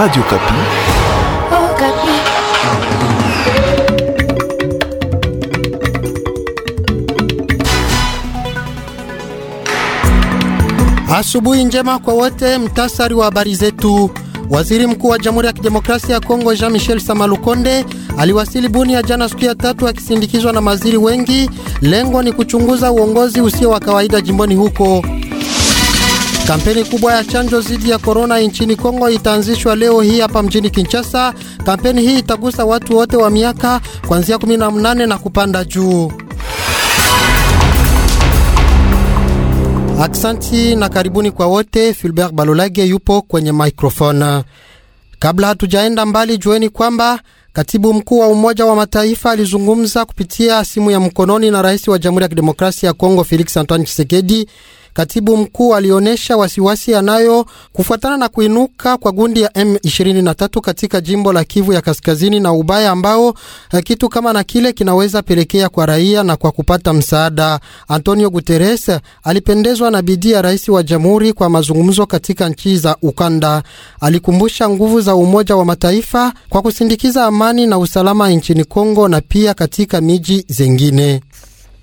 Radio Kapi. Oh, Kapi. Asubuhi njema kwa wote, mtasari wa habari zetu. Waziri Mkuu wa Jamhuri ya Kidemokrasia ya Kongo Jean Michel Samalukonde aliwasili Bunia jana siku ya tatu akisindikizwa na maziri wengi. Lengo ni kuchunguza uongozi usio wa kawaida jimboni huko. Kampeni kubwa ya chanjo dhidi ya korona nchini Kongo itaanzishwa leo hii hapa mjini Kinshasa. Kampeni hii itagusa watu wote wa miaka kuanzia 18 na kupanda juu. Aksanti na karibuni kwa wote. Filbert Balolage yupo kwenye microphone. Kabla hatujaenda mbali, jueni kwamba Katibu mkuu wa Umoja wa Mataifa alizungumza kupitia simu ya mkononi na rais wa Jamhuri ya Kidemokrasia ya Kongo Felix Antoine Tshisekedi Katibu mkuu alionyesha wasiwasi anayo kufuatana na kuinuka kwa gundi ya M23 katika jimbo la Kivu ya Kaskazini na ubaya ambao eh, kitu kama na kile kinaweza pelekea kwa raia na kwa kupata msaada. Antonio Guterres alipendezwa na bidii ya rais wa jamhuri kwa mazungumzo katika nchi za ukanda. Alikumbusha nguvu za Umoja wa Mataifa kwa kusindikiza amani na usalama nchini Kongo na pia katika miji zingine.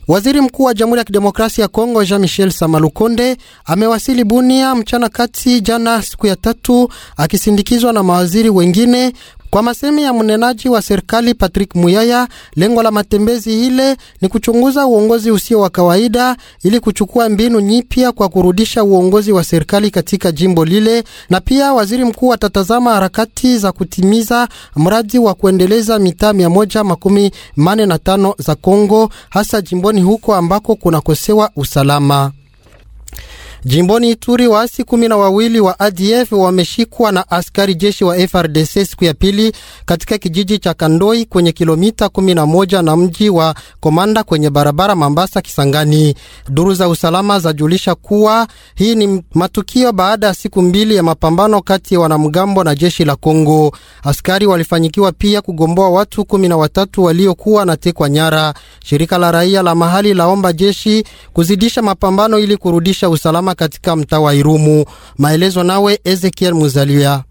Waziri Mkuu wa Jamhuri ya Kidemokrasia ya Kongo Jean Michel Samalukonde amewasili Bunia mchana kati jana siku ya tatu akisindikizwa na mawaziri wengine kwa masemi ya mnenaji wa serikali Patrick Muyaya, lengo la matembezi ile ni kuchunguza uongozi usio wa kawaida ili kuchukua mbinu nyipya kwa kurudisha uongozi wa serikali katika jimbo lile, na pia waziri mkuu atatazama harakati za kutimiza mradi wa kuendeleza mitaa mia moja makumi mane na tano za Kongo, hasa jimboni huko ambako kunakosewa usalama. Jimboni Ituri, waasi kumi na wawili wa ADF wameshikwa na askari jeshi wa FRDC siku ya pili katika kijiji cha Kandoi kwenye kilomita kumi na mji wa Komanda kwenye barabara Mambasa Kisangani. Duru za usalama zajulisha kuwa hii ni matukio baada ya siku mbili ya mapambano kati ya wanamgambo na jeshi la Kongo. Askari walifanyikiwa pia kugomboa watu kumi na watatu waliokuwa tekwa nyara. Shirika la raia la mahali laomba jeshi kuzidisha mapambano ili kurudisha usalama katika mtaa wa Irumu. Maelezo nawe Ezekiel Muzalia.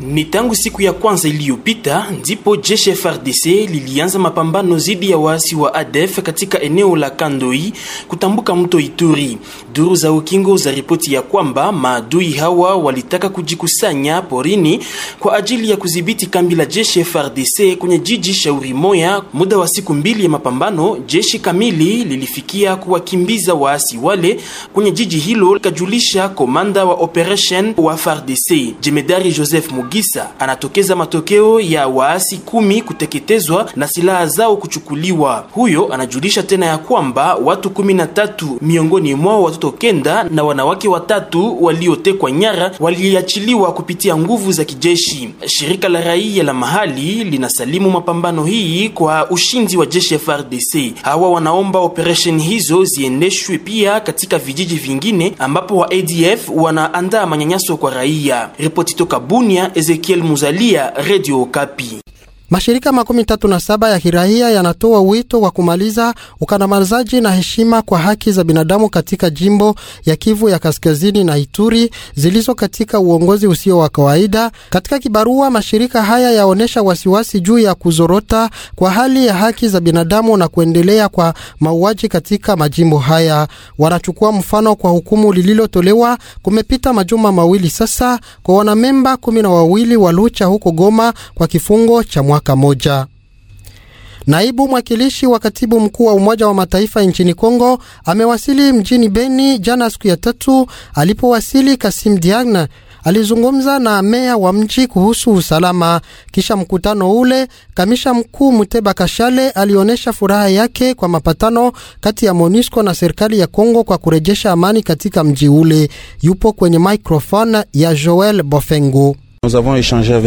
Ni tangu siku ya kwanza iliyopita ndipo jeshi FARDC lilianza mapambano dhidi ya waasi wa ADF katika eneo la Kandoi kutambuka mto Ituri. Duru za ukingo za ripoti ya kwamba maadui hawa walitaka kujikusanya porini kwa ajili ya kudhibiti kambi la jeshi FARDC kwenye jiji Shauri Moya. Muda wa siku mbili ya mapambano, jeshi kamili lilifikia kuwakimbiza waasi wale kwenye jiji hilo, kajulisha komanda wa operation wa FARDC Jemedari Joseph Mugabe. Bugisa anatokeza matokeo ya waasi kumi kuteketezwa na silaha zao kuchukuliwa. Huyo anajulisha tena ya kwamba watu kumi na tatu miongoni mwao watoto kenda na wanawake watatu waliotekwa nyara waliachiliwa kupitia nguvu za kijeshi. Shirika la raia la mahali linasalimu mapambano hii kwa ushindi wa jeshi ya Hawa wanaomba operesheni hizo ziendeshwe pia katika vijiji vingine ambapo wa ADF wanaandaa manyanyaso kwa raia. Ripoti toka Bunia, Ezekiel Muzalia, Radio Kapi. Mashirika makumi tatu na saba ya kiraia yanatoa wito wa kumaliza ukandamizaji na heshima kwa haki za binadamu katika jimbo ya Kivu ya Kaskazini na Ituri zilizo katika uongozi usio wa kawaida. Katika kibarua, mashirika haya yaonyesha wasiwasi juu ya kuzorota kwa hali ya haki za binadamu na kuendelea kwa mauaji katika majimbo haya. Wanachukua mfano kwa hukumu lililotolewa kumepita majuma mawili sasa kwa wanamemba kumi na wawili wa Lucha huko Goma kwa kifungo cha mwaka moja. Naibu mwakilishi wa katibu mkuu wa Umoja wa Mataifa nchini Kongo amewasili mjini Beni jana siku ya tatu. Alipowasili, Kasim Diagne alizungumza na meya wa mji kuhusu usalama. Kisha mkutano ule, kamisha mkuu Muteba Kashale alionyesha furaha yake kwa mapatano kati ya MONUSCO na serikali ya Kongo kwa kurejesha amani katika mji ule. Yupo kwenye microphone ya Joel bofengu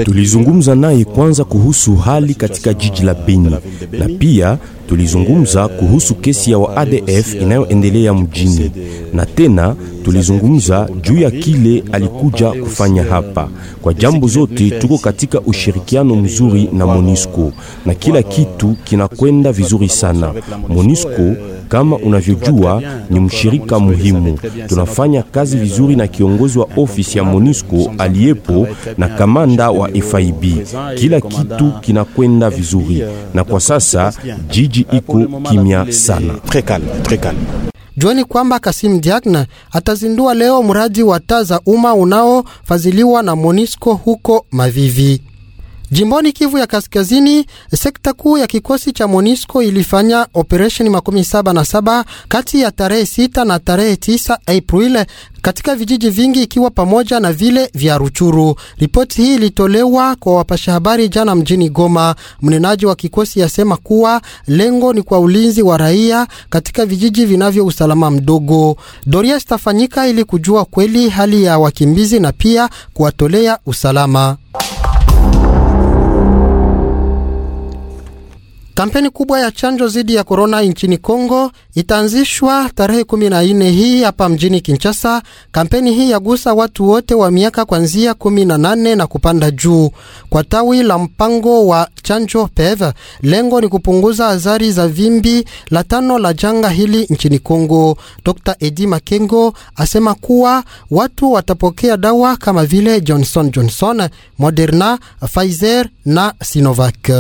Tulizungumza naye kwanza kuhusu hali katika jiji la Beni na pia tulizungumza kuhusu kesi ya wa ADF inayoendelea mjini, na tena tulizungumza juu ya kile alikuja kufanya hapa. Kwa jambo zote, tuko katika ushirikiano mzuri na MONUSCO na kila kitu kinakwenda vizuri sana. MONUSCO kama unavyojua ni mshirika muhimu. Tunafanya kazi vizuri na kiongozi wa ofisi ya MONUSCO aliyepo na kamanda wa FIB. Kila kitu kinakwenda vizuri, na kwa sasa jiji mji eh, iko kimya sana, très calme, très calme. Jueni kwamba Kasim Diagna atazindua leo mradi wa taa za umma unaofadhiliwa na Monisco huko Mavivi. Jimboni Kivu ya Kaskazini, sekta kuu ya kikosi cha MONUSCO ilifanya operesheni makumi saba na saba kati ya tarehe sita na tarehe tisa April katika vijiji vingi ikiwa pamoja na vile vya Ruchuru. Ripoti hii ilitolewa kwa wapasha habari jana mjini Goma. Mnenaji wa kikosi yasema kuwa lengo ni kwa ulinzi wa raia katika vijiji vinavyo usalama mdogo. Doria zitafanyika ili kujua kweli hali ya wakimbizi na pia kuwatolea usalama. Kampeni kubwa ya chanjo dhidi ya korona nchini Kongo Itaanzishwa tarehe 14 hii hapa mjini Kinshasa. Kampeni hii yagusa watu wote wa miaka kuanzia 18 na kupanda juu. Kwa tawi la mpango wa chanjo PEV, lengo ni kupunguza athari za vimbi la tano la janga hili nchini Kongo. Dr Edi Makengo asema kuwa watu watapokea dawa kama vile Johnson Johnson, Moderna, Pfizer na Sinovac.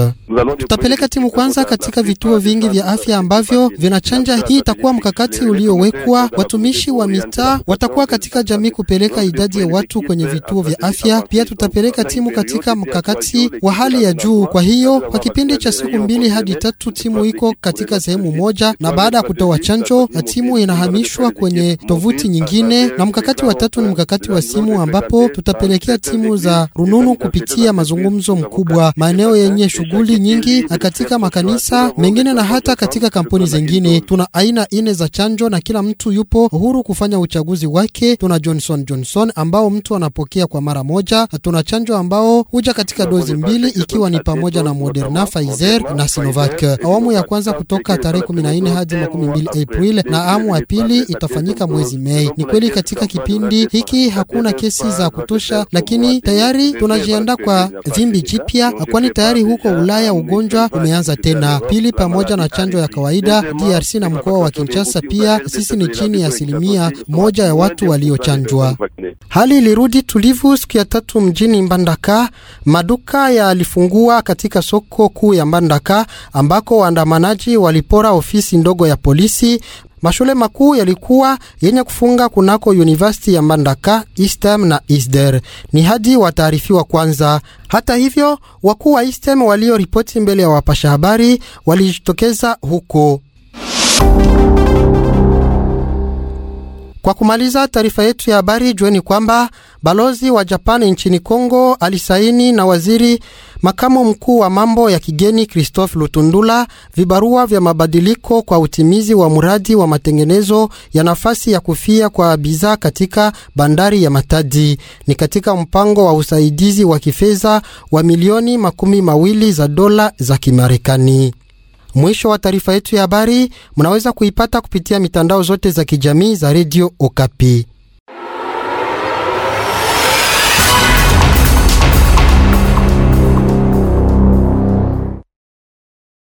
Tutapeleka timu kwanza katika vituo vingi vya afya ambavyo vinachanja hii itakuwa mkakati uliowekwa. Watumishi wa mitaa watakuwa katika jamii kupeleka idadi ya watu kwenye vituo vya afya. Pia tutapeleka timu katika mkakati wa hali ya juu. Kwa hiyo, kwa kipindi cha siku mbili hadi tatu, timu iko katika sehemu moja, na baada ya kutoa chanjo na timu inahamishwa kwenye tovuti nyingine. Na mkakati wa tatu ni mkakati wa simu, ambapo tutapelekea timu za rununu kupitia mazungumzo mkubwa maeneo yenye shughuli nyingi na katika makanisa mengine na hata katika kampuni zingine. Tuna aina ine za chanjo na kila mtu yupo huru kufanya uchaguzi wake. Tuna Johnson Johnson ambao mtu anapokea kwa mara moja, tuna chanjo ambao huja katika dozi mbili ikiwa ni pamoja na Moderna, Pfizer na Sinovac. Awamu ya kwanza kutoka tarehe 14 hadi 12 april na awamu ya pili itafanyika mwezi Mei. Ni kweli katika kipindi hiki hakuna kesi za kutosha, lakini tayari tunajiandaa kwa vimbi jipya, kwani tayari huko Ulaya ugonjwa umeanza tena. Pili, pamoja na chanjo ya kawaida DRC na mkoa wa Kinshasa, pia sisi ni chini ya asilimia moja ya watu waliochanjwa. Hali ilirudi tulivu siku ya tatu mjini Mbandaka. Maduka yalifungua katika soko kuu ya Mbandaka ambako waandamanaji walipora ofisi ndogo ya polisi. Mashule makuu yalikuwa yenye kufunga kunako University ya Mbandaka, Istem na Isder ni hadi wataarifiwa kwanza. Hata hivyo, wakuu wa Istem walioripoti mbele ya wapasha habari walijitokeza huko kwa kumaliza taarifa yetu ya habari, jueni kwamba balozi wa Japani nchini Kongo alisaini na waziri makamu mkuu wa mambo ya kigeni Christophe Lutundula vibarua vya mabadiliko kwa utimizi wa mradi wa matengenezo ya nafasi ya kufia kwa bidhaa katika bandari ya Matadi. Ni katika mpango wa usaidizi wa kifedha wa milioni makumi mawili za dola za Kimarekani. Mwisho wa taarifa yetu ya habari mnaweza kuipata kupitia mitandao zote za kijamii za redio Okapi.